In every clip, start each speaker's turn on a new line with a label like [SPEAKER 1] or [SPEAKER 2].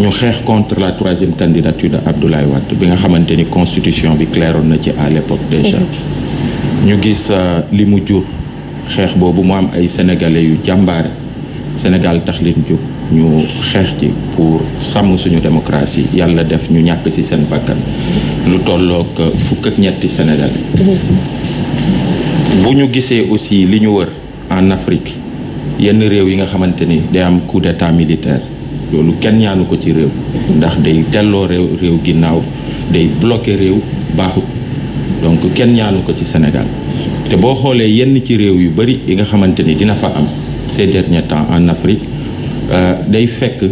[SPEAKER 1] ñu xeex contre la troisième candidature de Abdoulaye Wade bi nga xamante ni constitution bi clairoon na ci à l'époque déjà mhm. ñu gis euh, li mu jur xeex boobu mu am ay sénégalais yu jàmbaare Sénégal tax leen jóg ñu xeex ci pour sàmm suñu démocratie yàlla def ñu ñàkk ci seen bakkan lu tollook euh, fukk ñetti sénégalais
[SPEAKER 2] mhm.
[SPEAKER 1] bu ñu gisee aussi li ñu wër en Afrique yenn réew yi nga xamante ni day am coup d'état militaire loolu kenn ñaanu ko ci réew ndax day delloo réew réew ginnaaw day bloqué réew baaxut donc kenn ñaanu ko ci Sénégal te boo xoolee yenn ci réew yu bëri yi nga xamante ni dina fa am ces derniers temps en Afrique euh, day fekk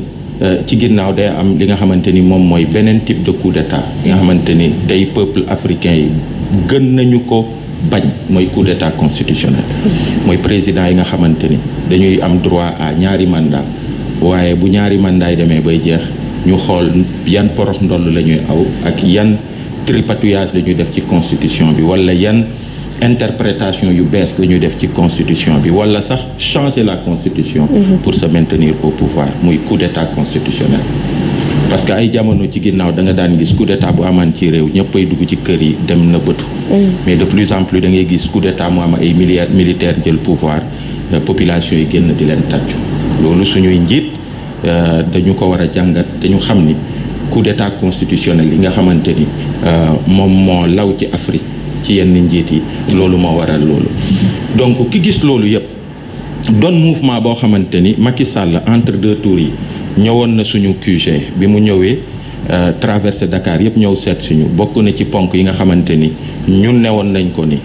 [SPEAKER 1] euh, ci ginnaaw day am li nga xamante ni moom mooy beneen type de coup d'état nga xamante ni tey peuple africain yi gën nañu ko bañ mooy coup d'état constitutionnel mooy président yi nga xamante ni dañuy am droit à ñaari mandat waaye bu ñaari man daay demee bay jeex ñu xool yan porox ndoll la ñuy aw ak yan tripatouillage la ñuy def ci constitution bi wala yan interprétation yu bees la ñuy def ci constitution bi wala sax changer la constitution mhm. pour se maintenir au pouvoir muy coup d'état constitutionnel parce que ay jamono ci ginnaaw danga daan gis coup d'état bu amaan ci réew ñëppay dugg ci kër yi dem na bëtu mhm. mais de plus en plus da gis coup d'état mu am ay militaire militaire jël pouvoir euh, population yi génn di leen tàccu loolu suñuy njiit euh, dañu ko war a jàngat te xam ni coup d'état constitutionnel yi nga xamante ni euh, moom moo law ci Afrique ci yenn njiit yi loolu moo waral loolu donc ki gis loolu yëpp don mouvement boo xamante ni Macky Sall entre de tours yi ñëwoon na suñu QG bi mu ñëwee euh, traversé Dakar yëpp ñëw seet suñu bokk na ci ponk yi nga xamante ni ñun newoon nañ ko ni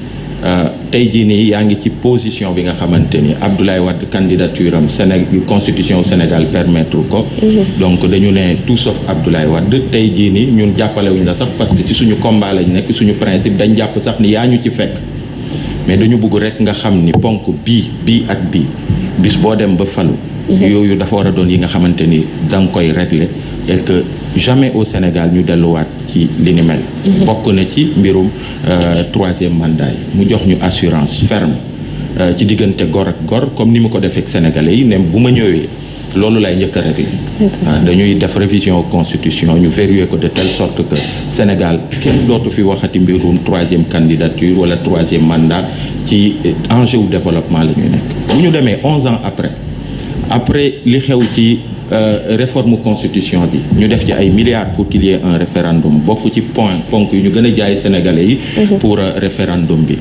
[SPEAKER 1] tey jii nii yaa ngi ci position bi nga xamante ni Abdoulaye Wade candidature am Sénégal constitution Sénégal permettre ko. Mhm. donc dañu ne tout sauf Abdoulaye Wade tey jii nii ñun jàppalewuñ la sax parce que ci suñu combat lañ nekk suñu principe dañ jàpp sax ni yaa ñu ci fekk. mais dañu bugg rek nga xam ni ponk bii bii ak bii bis boo dem ba falu. Mhm. yooyu dafa war a doon yi nga xamante ni danga koy régler et que jamais au Sénégal ñu delluwaat. ci li ni mhm. bokk na ci mbirum euh, troisième mandat yi mu jox ñu assurance ferme euh, ci diggante gor ak gor comme ni mu ko defee ak sénégalais yi ne bu ma ñëwee loolu lay njëkk a réglé. Ah, dañuy def révision constitution ñu verrouiller ko de telle sorte que Sénégal kenn dootu fi waxati mbirum troisième candidature wala troisième mandat ci enjeu wu développement nekk. bu ñu demee onze ans après après li xew ci. Euh, réforme constitution bi ñu def ci ay milliards pour qu'il y un référendum bokk ci point ponk yu ñu gën a jaay sénégalais yi mhm. pour euh, référendum bi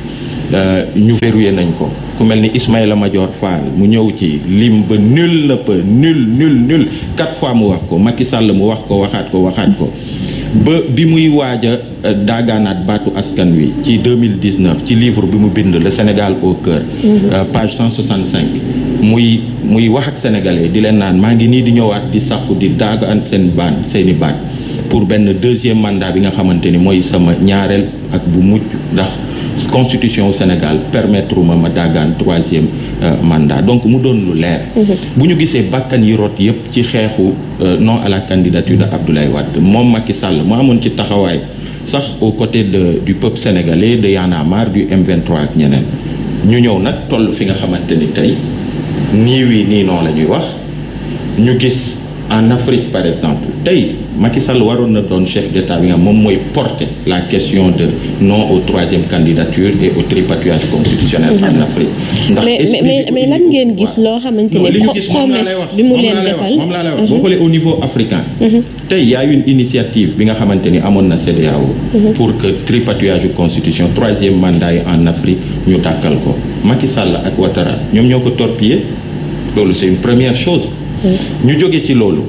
[SPEAKER 1] euh, ñu verrouillé nañ ko ku mel ni Ismaïla Madior Fall mu ñëw ci lim ba nul ne peut fois mu wax ko Macky Sall mu wax ko waxaat ko waxaat ko ba bi muy waaja a daagaanaat baatu askan wi ci 2019 ci livre bi mu bind le Sénégal au cœur mhm. page 165 muy muy wax ak sénégalais di leen naan maa ngi nii di ñëwaat di sàkku di daaga an seen baan seeni i baat pour benn deuxième mandat bi nga xamante ni mooy sama ñaareel ak bu mujj ndax constitution Sénégal permettre ma ma daagaan troisième euh, mandat donc mu doon lu leer mhm. bu ñu gisee bàkkan yi rot yépp ci xeexu euh, non à la candidature de Abdoulaye Wade moom Macky Sall mu amoon ci taxawaay sax aux côté de du peuple sénégalais de Y'en a du m ak ñeneen ñu ñëw nag toll fi nga xamante ni tey nii wii nii noonu la ñuy wax ñu gis en Afrique par exemple tey Macky Sall waroon na doon chef d'état bi nga moom mooy porte la question de non au troisième candidature et au tripatouillage constitutionnel en mhm. Afrique. ndax mais
[SPEAKER 2] mais lan ngeen gis loo xamante ne promesse bi mu leen defal moom laa lay wax
[SPEAKER 1] mhm. boo xoolee au niveau africain. Mhm. tey y une initiative bi nga xamante ni amoon na CEDEAO. pour que tripatouillage constitution troisième mandat yi en Afrique ñu dàkkal ko Macky Sall ak Ouattara ñoo loolu c'est une première chose ñu jóge ci loolu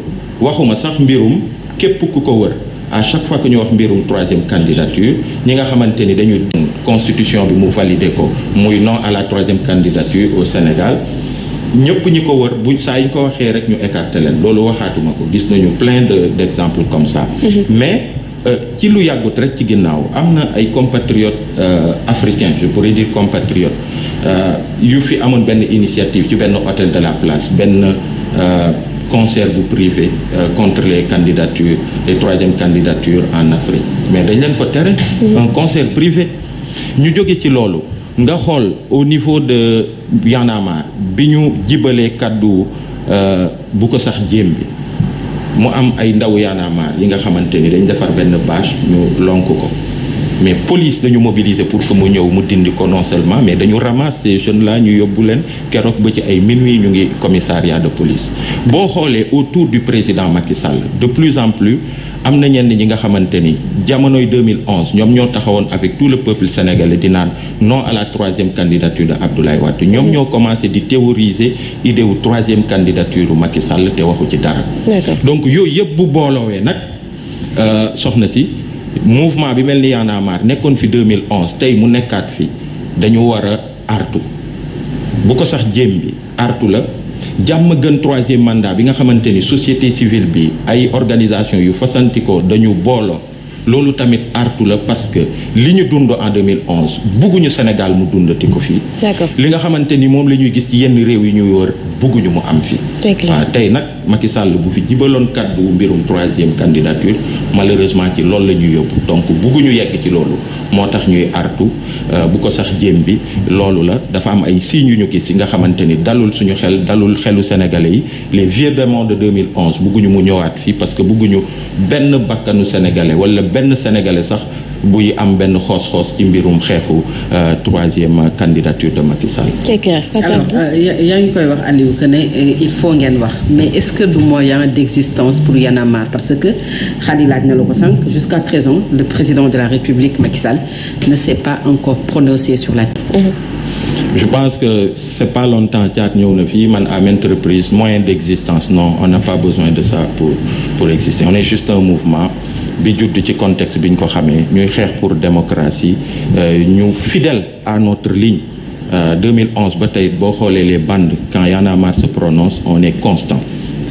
[SPEAKER 1] waxuma sax mbirum képp ku ko wër à chaque fois que ñu wax mbirum troisième candidature ñi nga xamante ni dañuy constitution bi mu validé ko muy non à la troisième candidature au Sénégal ñëpp ñi ko wër bu saa yi ñu ko waxee rek ñu écarté leen loolu waxaatuma ko gis nañu plein de d'exemples comme ça mm-hmm. mais Euh, ci lu yàggut rek ci ginnaaw am na ay compatriotes euh, africains je pourrais dire compatriotes euh, yu fi amoon benn initiative ci benn hôtel de la place benn concert bu privé contre les candidatures les troisième candidatures en Afrique mais dañ leen ko tere un concert privé ñu jóge ci loolu nga xool au niveau de Yanama bi ñu jibalee kàddu bu ko sax jéem bi mu am ay ndaw yaanaamaar yi nga xamante ni dañ defar benn bâche ñu lonk ko mais police dañu mobiliser pour que mu ñëw mu dindi ko non seulement mais dañu ramasse ces jeunes là ñu yóbbu leen keroog ba ci ay minuit ñu ngi commissariat de police boo xoolee autour du président Macky Sall de plus en plus am na ñenn ñi nga xamante ni jamonoy 2011 ñoom ñoo taxawoon avec tout le peuple sénégalais di naan non à la troisième candidature de Abdoulaye Wade ñoom ñoo commencé di théoriser idée wu troisième candidature Macky Sall te waxu ci dara. donc yooyu yëpp bu booloowee nag euh, soxna si mouvement bi mel ni Y'en a marre nekkoon fi 2011 tey mu nekkaat fi dañu war a artu bu ko sax jéem bi artu la. jàmm gën troisième mandat bi nga xamante ni société civile bi ay organisation yu fasantikoo dañu booloo loolu tamit artu la parce que li ñu dund en 2011 bugguñu Sénégal mu dundati ko fii. li nga xamante ni moom la ñuy gis ci yenn réew yi ñuy wër bugguñu mu am fii. waaw tey nag Macky Sall bu fi jibaloon kaddu mbirum troisième candidature malheureusement ci loolu la ñuy yóbbu donc bugguñu yegg ci loolu moo tax ñuy artu euh, bu ko sax jéem bi loolu la dafa am ay signes yu ñu gis yi nga xamante ni dalul suñu xel dalul xelu sénégalais yi les vieux démons de 2011 bugguñu mu ñëwaat fii parce que bugguñu benn bakkanu sénégalais wala. benn sénégalais sax buy am benn xoos-xoos ci mbirum xeexu euh, troisième candidature de Macky Sall.
[SPEAKER 2] c'est clair. alors euh, yaa ngi koy wax Aliou que ne euh, il faut ngeen wax mais est-ce que du moyen d'existence pour Y en a marre parce que xaalis laaj na la ko sànq jusqu'à présent le président de la République Macky ne s'est pas encore prononcé sur la. Mm-hmm. je pense que c'est
[SPEAKER 1] pas longtemps caat ñëw na fii man à maintes moyen d'existence non on n'a pas besoin de ça pour bi judd ci contexte bi ñu ko xamee ñuy xeex pour démocratie euh, ñu fidèle à notre ligne 2011 euh, ba tey boo xoolee les bandes quand Y en a marre se prononce on est constant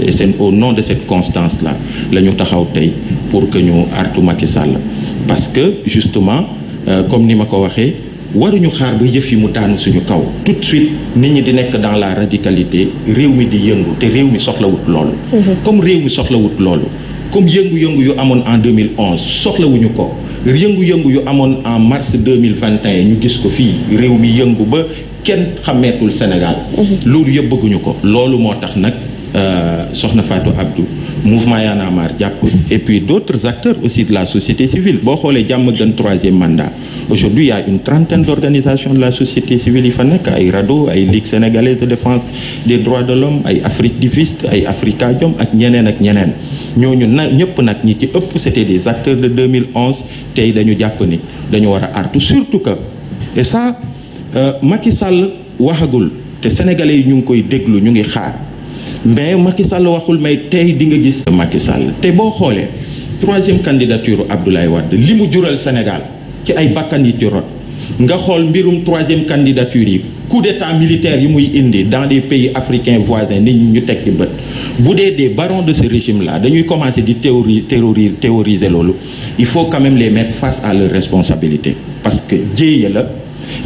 [SPEAKER 1] et c'est au nom de cette constance là la ñu taxaw tey pour que ñu artu Macky Sall parce que justement euh, comme ni ma ko waxee waruñu xaar ba yëf yi mu daanu suñu kaw tout de suite nit ñi di nekk dans la radicalité réew mi di yëngu te réew mi soxlawut loolu mm-hmm. comme réew mi soxlawut loolu comme yëngu-yëngu yu amoon en 2011 soxlawuñu ko yëngu-yëngu yu amoon en mars 2021 ñu gis ko fii réew mi yëngu ba kenn xameetul Sénégal mhm. loolu yëpp bëgguñu ko loolu moo tax nag euh, soxna Fatou Abdou mouvement Y'en a marre jàpp et puis d'autres acteurs aussi de la société civile boo xoolee jàmm gën troisième mandat aujourd'hui il y a une trentaine d'organisations de la société civile yi fa nekk ay RADDHO ay Ligue sénégalaise de défense des droits de l'homme ay Afridivistes ay Afrikajom ak ñeneen ak ñeneen ñooñu na ñëpp nag ñi ci ëpp c'était des acteurs de 2011 tey dañu jàpp ni dañu war a artu surtout que et ça euh, Macky Sall waxagul te sénégalais yi ñu ngi koy déglu ñu ngi xaar mais Macky Sall waxul may tey di nga gis Macky Sall te boo xoolee troisième candidature Abdoulaye de li mu jural Sénégal ci ay bakkan yi ci rot nga xool mbirum troisième candidature yi coup d'état militaire yi muy indi dans les pays africains voisins nit ñi ñu teg ci bët bu dee des barons de ce régime là dañuy commencer di théorie théorie théoriser loolu il faut quand même les mettre face à leurs responsabilité parce que jéeye la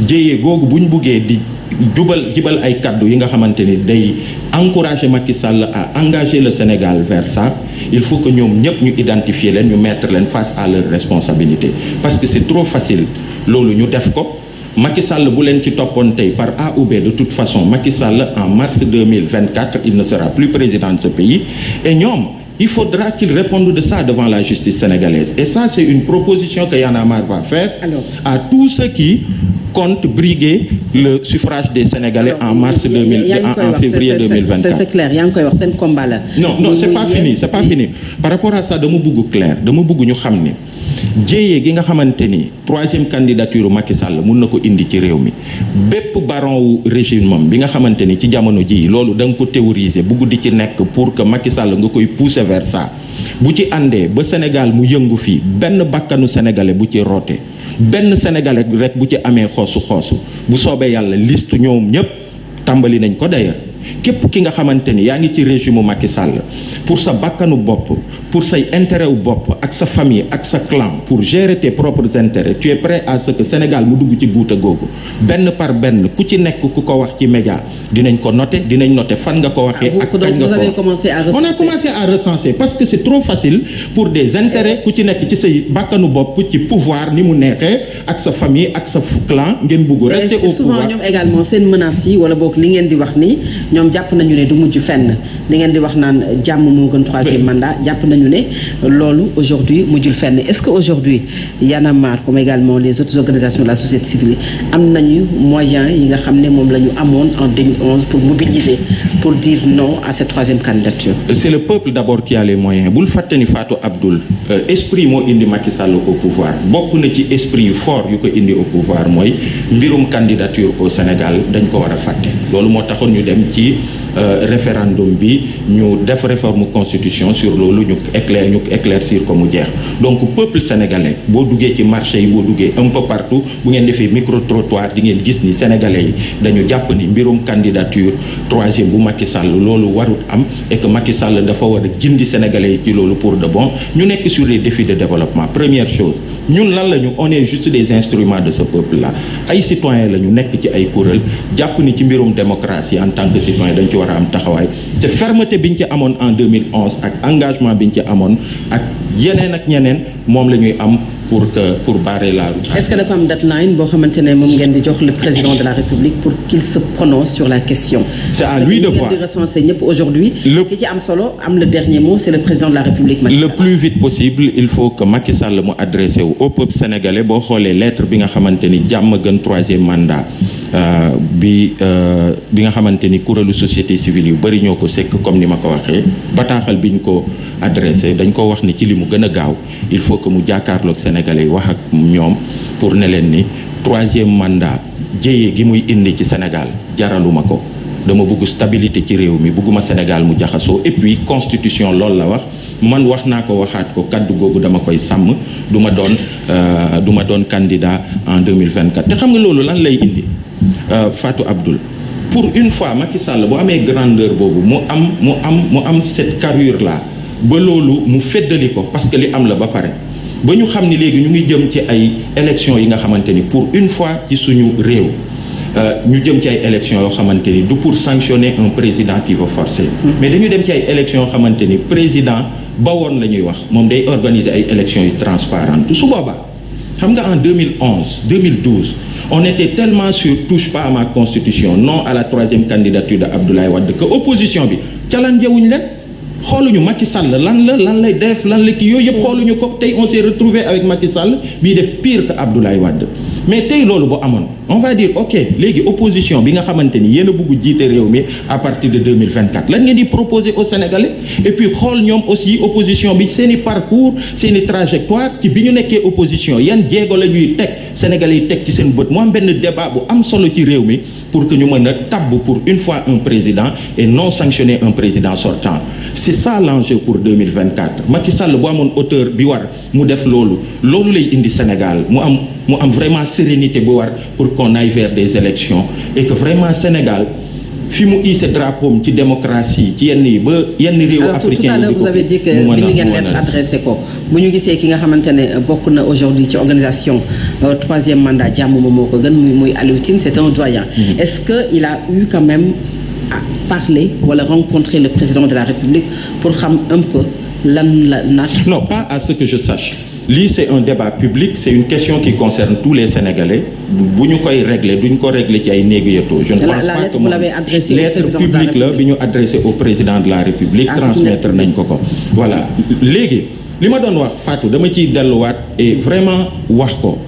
[SPEAKER 1] jéeye googu bu ñu buggee di jubal jibal ay kaddu yi nga xamante ni day encourager Macky Sall à engager le Sénégal vers ça il faut que ñoom ñëpp ñu identifier leen ñu mettre leen face à leurs responsabilités que c'est facile loolu ñu def ko Macky Sall bu leen ci toppoon tey par A ou de toute façon Macky Sall en mars 2024 il ne sera plus président de ce pays et ñoom il faudra qu'il réponde de ça devant la justice sénégalaise et ça c'est une proposition que Y'en a marre va faire à tous ceux qui compte briguer le suffrage des Sénégalais en mars 2000 en, en février 2024
[SPEAKER 2] yaa ngi koy wax seen combat la non c'est pas fini c'est
[SPEAKER 1] pas fini par rapport à ça dama bëgg clair dama bëgg ñu xam ni jéyee gi nga xamante ni troisième candidature Macky Sall mun na ko indi ci réew mi bépp baron wu régime am bi nga xamante ni ci jamono ji loolu da nga ko théoriser bu guddi ci nekk pour que Macky Sall nga koy pousser vers bu ci àndee ba Sénégal mu yëngu fii benn bakkanu sénégalais bu ci roote benn sénégalais rek bu ci amee xoosu xoosu bu soobee yàlla list ñoom ñëpp tàmbali nañ ko d'ailleurs képp ki nga xamante ni yaa ngi ci régime Macky Sall pour sa bakkanu bopp pour say intérêt wu bopp ak sa famille ak sa clan pour gérer tes propres intérêts tu es prêt à ce que Sénégal mu dugg ci guuta googu benn par benn ku ci nekk ku ko wax ci média dinañ ko noter dinañ noter fan nga ko waxee. Ah, ak kañ nga ko on a commencé à recenser parce que c'est trop facile pour des intérêts ku ci nekk ci say bàkkanu bopp ci pouvoir ni mu neexee ak sa famille ak sa clan ngeen bugg rester au pouvoir souvent ñoom
[SPEAKER 2] également seen menaces yi wala boog li ngeen di wax ni ñoom jàpp nañu ne du mujj fenn li ngeen di wax naan jàmm moo gën troisième mandat jàpp nañu ñu ne loolu aujourd'hui mujjul fenn est-ce que aujourd'hui Y'en a marre comme également les autres organisations de la société civile am nañu moyens yi nga xam ne moom la ñu amoon en 2011 pour mobiliser pour dire non à cette troisième candidature
[SPEAKER 1] c'est le peuple d'abord qui a les moyens bul fàtte ni Fatou Abdoul euh, esprit moo indi Macky Sall au pouvoir bokk na ci esprit yu fort yu ko indi au pouvoir mooy mbirum candidature au Sénégal dañ ko war a fàtte loolu moo taxoon ñu dem ci euh, référendum bi ñu def réforme constitution sur loolu ñu éclair ñu éclaircir ko mu jeex donc peuple sénégalais boo duggee ci marché yi boo duggee un peu partout bu ngeen defee micro trottoir di ngeen gis ni sénégalais yi dañu jàpp ni mbirum candidature troisième bu Macky sàll loolu warut am et que Macky Sall dafa war a gindi sénégalais yi ci loolu pour de bon ñu nekk sur les défis de développement première chose ñun lan la ñu on est juste des instruments de ce peuple là ay citoyens la ñu nekk ci ay kuréel jàpp ni ci mbirum démocratie en tant que citoyen dañ ci war a am taxawaay te fermeté bi ñu ci amoon en 2011 ak engagement bi ñu ci amoon ak yeneen ak ñeneen moom la ñuy am pour que pour barrer la route. est-ce que
[SPEAKER 2] dafa am deadline boo xamante ne moom ngeen di jox le président de la République pour qu'il se prononce sur la question. c'est à lui de voir di ci am solo am le dernier mot c'est le président de la République. Macky
[SPEAKER 1] Sall le plus vite possible il faut que mu adressé wu au peuple sénégalais boo xoolee lettre bi nga xamante ni jàmm gën troisième mandat. Euh, bi euh, bi nga xamante ni kuréelu société civile yu bëri ñoo ko sekk comme ni ma ko waxee bataaxal bi ñu ko adressé dañ ko wax ni ci li mu gën a gaaw il faut que mu jàkkaarloog sénégalais wax ak ñoom pour ne leen ni troisième mandat jéyee gi muy indi ci Sénégal jaraluma ko dama bëgg stabilité ci réew mi bugguma Sénégal mu jaxasoo et puis constitution loolu la wax man wax naa ko waxaat ko kaddu googu dama koy sàmm du ma doon euh, du ma doon candidat en 2024 te xam nga loolu lan lay indi Euh, Fatou Abdoul pour une fois Macky Sall bu amee grandeur boobu mu am mu am mu am cette carrure là ba loolu mu feddali ko parce que li am la ba pare ba ñu xam ni léegi ñu ngi jëm ci ay élections yi nga xamante ni pour une fois ci suñu réew euh, ñu jëm ci ay élections yoo xamante ni du pour sanctionner un président qui va forcer mais dañu dem ci ay élections yoo xamante ni président ba woon la ñuy wax moom day organiser ay élections yu transparentes su boobaa xam nga en 2011 2012 on était tellement sur touche pas à ma constitution non à la troisième candidature de Abdoulaye Wade que opposition bi challenge wuñ leen xooluñu Macky Sall lan la lan lay def lan la kii yooyu yëpp xooluñu ko tey on s'est retrouvé avec Macky Sall bii def pire que Abdoulaye Wade mais tey loolu bu amoon on va dire ok léegi bi nga xamante ni yéen a bugg jiite réew mi à partir de 2024 lan ngeen di proposer aux Sénégalais et puis xool ñoom aussi opposition bi seen i parcours seen i trajectoire ci bi ñu nekkee opposition yan jéego la ñuy teg Sénégalais yi teg ci seen bët mu am benn débat bu am solo ci réew mi pour que ñu mën a tabb pour une fois un président et non sanctionner un président sortant c'est ça l'enjeu pour 2024 Macky Sall bu amoon hauteur bi war mu def loolu loolu lay indi Sénégal mu am mu am vraiment sérénité bu war pour qu'on aille des élections et que vraiment Sénégal fi mu ise drapeau ci démocratie ci yenn yi ba yenn réewu yi vous avez
[SPEAKER 2] dit que bi ñu ngeen leen adressé ko bu ñu gisee ki nga xamante ne euh, bokk na aujourd'hui ci organisation euh, troisième mandat jàmm moom moo ko gën muy muy Aliou Tine c'est un doyen mm-hmm. est-ce que il a eu quand même parler wala rencontrer le président de la République pour xam un peu
[SPEAKER 1] lan la naat. non pas à ce que je sache. lii c'est un débat public c'est une question qui concerne tous les Sénégalais bu ñu koy régler duñ ko régler ci ay négliato je ne pense pas que
[SPEAKER 2] lettre publique
[SPEAKER 1] la bi ñu adressé au président de la République transmettre nañ ko ko voilà léegi li ma doon wax Fatou dama ciy delluwaat et vraiment wax ko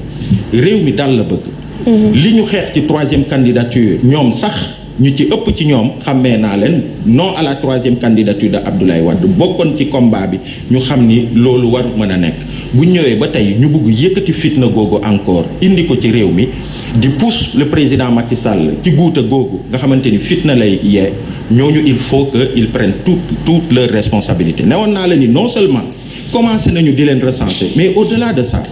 [SPEAKER 1] réew mi dal la bëgg mhm. li ñu xeex ci troisième candidature ñoom sax ñu ci ëpp ci ñoom xàmmee naa leen non à la troisième candidature de Abdoulaye Wade bokkoon ci combat bi ñu xam ni loolu war mën a nekk bu ñëwee ba tey ñu bëgg yëkkati fitna googu encore indi ko ci réew mi di pousse le président Macky Sall ci guuta googu nga xamante ni fitna lay yee ñooñu il faut que il prennent toute toute leur responsabilité ne newoon naa leen ni non seulement commencé nañu di leen recenser mais au-delà de ça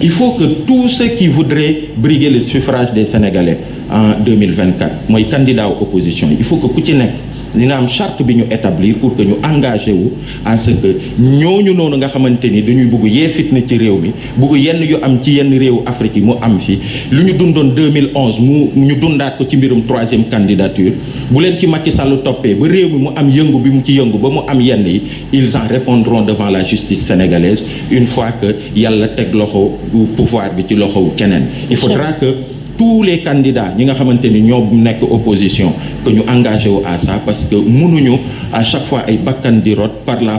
[SPEAKER 1] il faut que tous ceux qui voudraient briguer le suffrage des Sénégalais en 2024 mooy candidat wu opposition il faut que ku ci nekk dina am charte bi ñu établir pour que ñu engagé wu à ce que ñooñu noonu nga xamante ni dañuy bugg yee fitna ci réew mi bugg yenn yu am ci yenn réewu Afrique yi mu am fi lu ñu dundoon 2011 mu ñu dundaat ko ci mbirum troisième candidature bu leen ci Macky Sall toppee ba réew mi mu am yëngu bi mu ci yëngu ba mu am yenn yi ils en répondront devant la justice sénégalaise une fois que yàlla teg loxo pouvoir bi ci loxo keneen tous les candidats ñi nga xamante ni ñoo nekk opposition que ñu engagé wu à ça parce que mënuñu à chaque fois ay bakkan di rot par la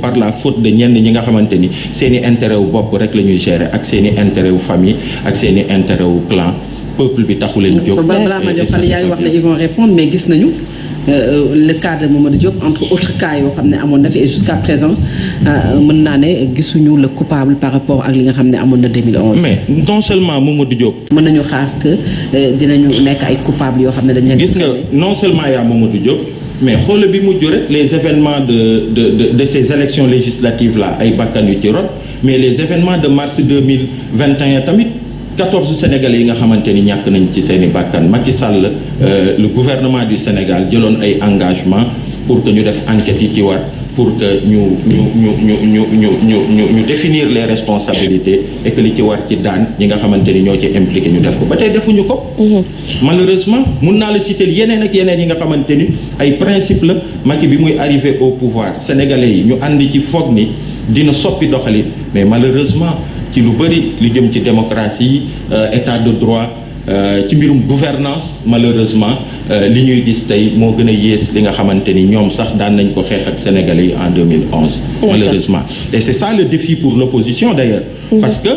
[SPEAKER 1] par la faute de ñenn ñi nga xamante ni seen i wu bopp rek la ñuy gérer ak seen i intérêt wu famille ak seen i intérêt wu clan peuple bi taxu leen jóg. et et ça c' est vrai probablement yaa
[SPEAKER 2] ngi répondre mais gis nañu. Euh, le cas de Mamadou Diop entre autres cas yoo xam ne amoon na fi et jusqu'à présent euh, mën naa ne gisuñu le coupable par rapport ak li nga xam ne amoon na 2011. mais non seulement Mamadou Diop. mën nañu xaar que euh, dinañu nekk ay coupable yoo xam ne dañ leen. gis non
[SPEAKER 1] seulement yaa Mamadou Diop. mais xoolal bi mu rek les événements de de de de ces élections législatives là ay bakkan yu ci rot mais les événements de mars deux mille vingt et un tamit. 14 Sénégalais yi nga xamante ni ñàkk nañ ci seeni i bàkkan Macky Sall euh, le guvernement du Sénégal jëloon ay engagement pour que ñu def enquête yi ci war pour que ñu ñu ñu ñu ñu ñu ñu ñu ñu les responsabilités et ci war ci daan ñi nga xamante ni ñoo ci impliqué ñu def ko ba tey defuñu ko. Mhm. malheureusement mun naa la citer yeneen ak yeneen yi nga xamante ni ay principe la Macky bi muy arrivé au pouvoir sénégalais yi ñu ànd ci foog ni dina soppi doxalin mais malheureusement. ci lu bëri lu jëm ci démocratie euh, état de droit euh, ci mbirum gouvernance malheureusement euh, li ñuy gis tey moo gën a yées li nga xamante ni ñoom sax daan nañ ko xeex ak sénégalais yi en 2011 malheureusement et c'est ça le défi pour l'opposition d'ailleurs mm-hmm. parce que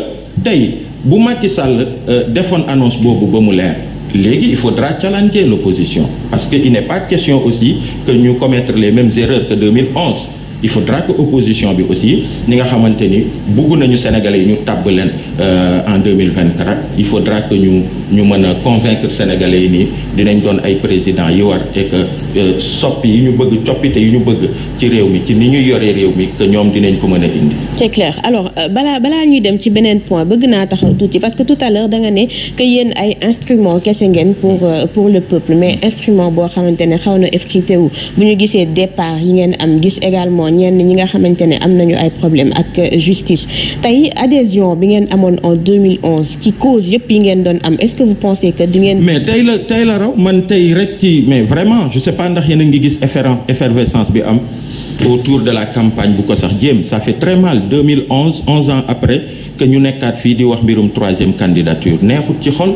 [SPEAKER 1] tey bu Macky Sall defoon annonce boobu ba mu leer léegi il faudra challenger l'opposition parce que il n'est pas question aussi que ñu commettre les mêmes erreurs que 2011 il faudra que opposition bi aussi ñi nga xamante ni bugg nañu sénégalais yi ñu tàbb leen euh, en 2024 il faudra que ñu ñu mën a convaincre sénégalais yi nii dinañ doon ay président yi war et que euh, soppi yi ñu bëgg coppite yi ñu bëgg ci réew mi ci ni ñu yoree réew mi que ñoom dinañ ko mën a indi.
[SPEAKER 2] c'est clair alors euh, balaa ñuy dem ci beneen point bëgg naa taxaw tuuti parce que tout à l'heure da nga ne que kese ngeen pour euh, pour le peuple mais instrument boo xamante ne xaw na effrité wu bu ñu gisee départ yi ngeen am gis également ñenn ñi nga xamante ne am nañu ay problème ak euh, justice tey adhésion bi ngeen amoon en 2011 ci cause yëpp yi ngeen doon am est-ce que vous pensez que di ngeen. mais
[SPEAKER 1] tey la tey la raw man tey rek ci mais vraiment je sais pas ndax yéen a ngi gis effervescence bi am. autour de la campagne bu ko sax jéem ça fait très mal 2011 11 après que ñu nekkaat fii di wax mbirum troisième candidature neexut ci xol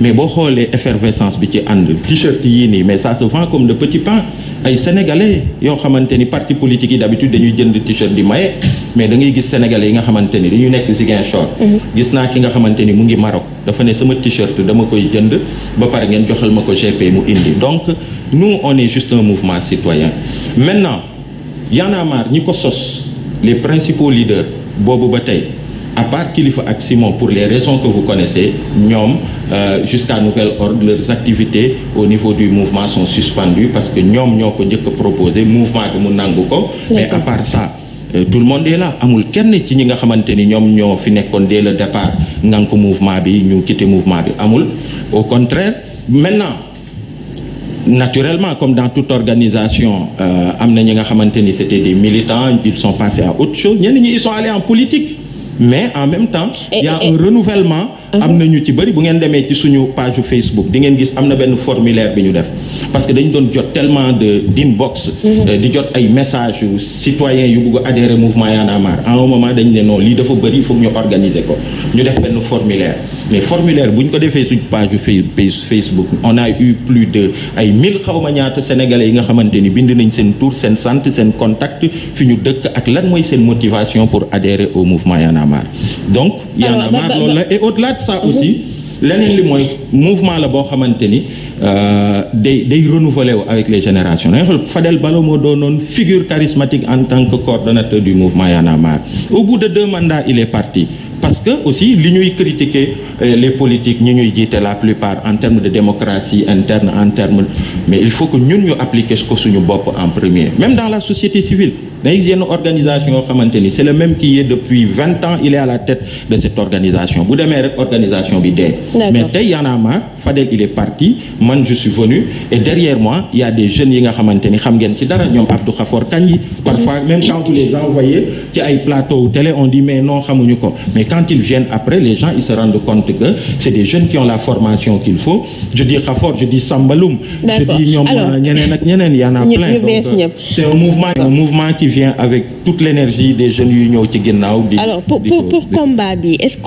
[SPEAKER 1] mais boo xoolee effervescence bi ci ànd t-shirt yii nii mais ça se vend comme de petits pains ay sénégalais yoo xamante ni parti politique yi d'habitude dañuy jënd t-shirt di maye mais da ngay gis sénégalais yi nga xamante ni dañu nekk Ziguinchor gis naa ki nga xamante ni mu ngi Maroc dafa ne sama t-shirt dama koy jënd ba pare ngeen joxal ma ko GP mu indi donc nous on est juste un mouvement citoyen maintenant Y'en a marre ñi ko sos les principaux leaders boobu ba tey à part Kilifeu ak Simon pour les raisons que vous connaissez ñoom euh, jusqu'à nouvel ordre leurs activités au niveau du mouvement sont suspendues parce que ñoom ñoo ko njëkk a proposé mouvement bi mu nangu ko mais à part ça euh, tout le monde est amul kenn ci ñi nga xamante ni ñoom ñoo fi nekkoon dès le départ ngan ko mouvement bi ñu quitté mouvement bi amul au contraire maintenant naturellement comme dans toute organisation euh, am na ñi nga xamante ni c'était des militants ils sont passés à autre chose ñenn ñi ils sont allés en politique mais en même temps il y a un renouvellement am na ñu ci bëri bu ngeen demee ci suñu page Facebook di ngeen gis am na benn formulaire bi ñu def parce que dañu doon jot tellement de d'inbox mhm. euh, di jot ay messages yu citoyens yu bëgg adhérer mouvement Y'en a marre à un moment dañ ne non lii dafa bëri il faut ñu organiser ko ñu def benn formulaire mais formulaire bu ñu ko defee suñu page Facebook on a eu plus de ay mille xawma ñaata sénégalais yi nga xamante ni bind nañ seen tour seen sant seen contact fi ñu dëkk ak mooy seen motivation pour adhérer au mouvement Y'en a marre donc sax aussi leneen li mooy mouvement la boo xamante ni euh, day day renouveler wu avec les générations da nga xool Fadel Balo moo doonoon figure charismatique en tant que coordonnateur du mouvement Y en a marre au de deux mandats il est parti parce que aussi li ñuy critiquer euh, les politiques ñi ñuy jiite la plupart en termes de démocratie interne en termes mais il faut que ñun ñu appliquer ko suñu bopp en premier même dans la société civile day yenn organisation yoo xamante ni c'est le même qui est depuis vingt ans il est à la tête de cette organisation bu demee rek organisation bi dee mais tey Y en Fadel il est parti man je venu et derrière moi il des jeunes yi nga xamante ni xam ngeen ci dara ñoom Abdou Khafor Kane yi parfois même quand vous les envoyez ci ay plateau télé on dit mais non xamuñu ko mais quand ils viennent après les gens ils se rendent compte que c'est des jeunes qui ont a plein donc vient avec toute l'énergie des jeunes yu ñëw ci ginnaaw. di alors pour pour pour
[SPEAKER 2] combat bi est-ce que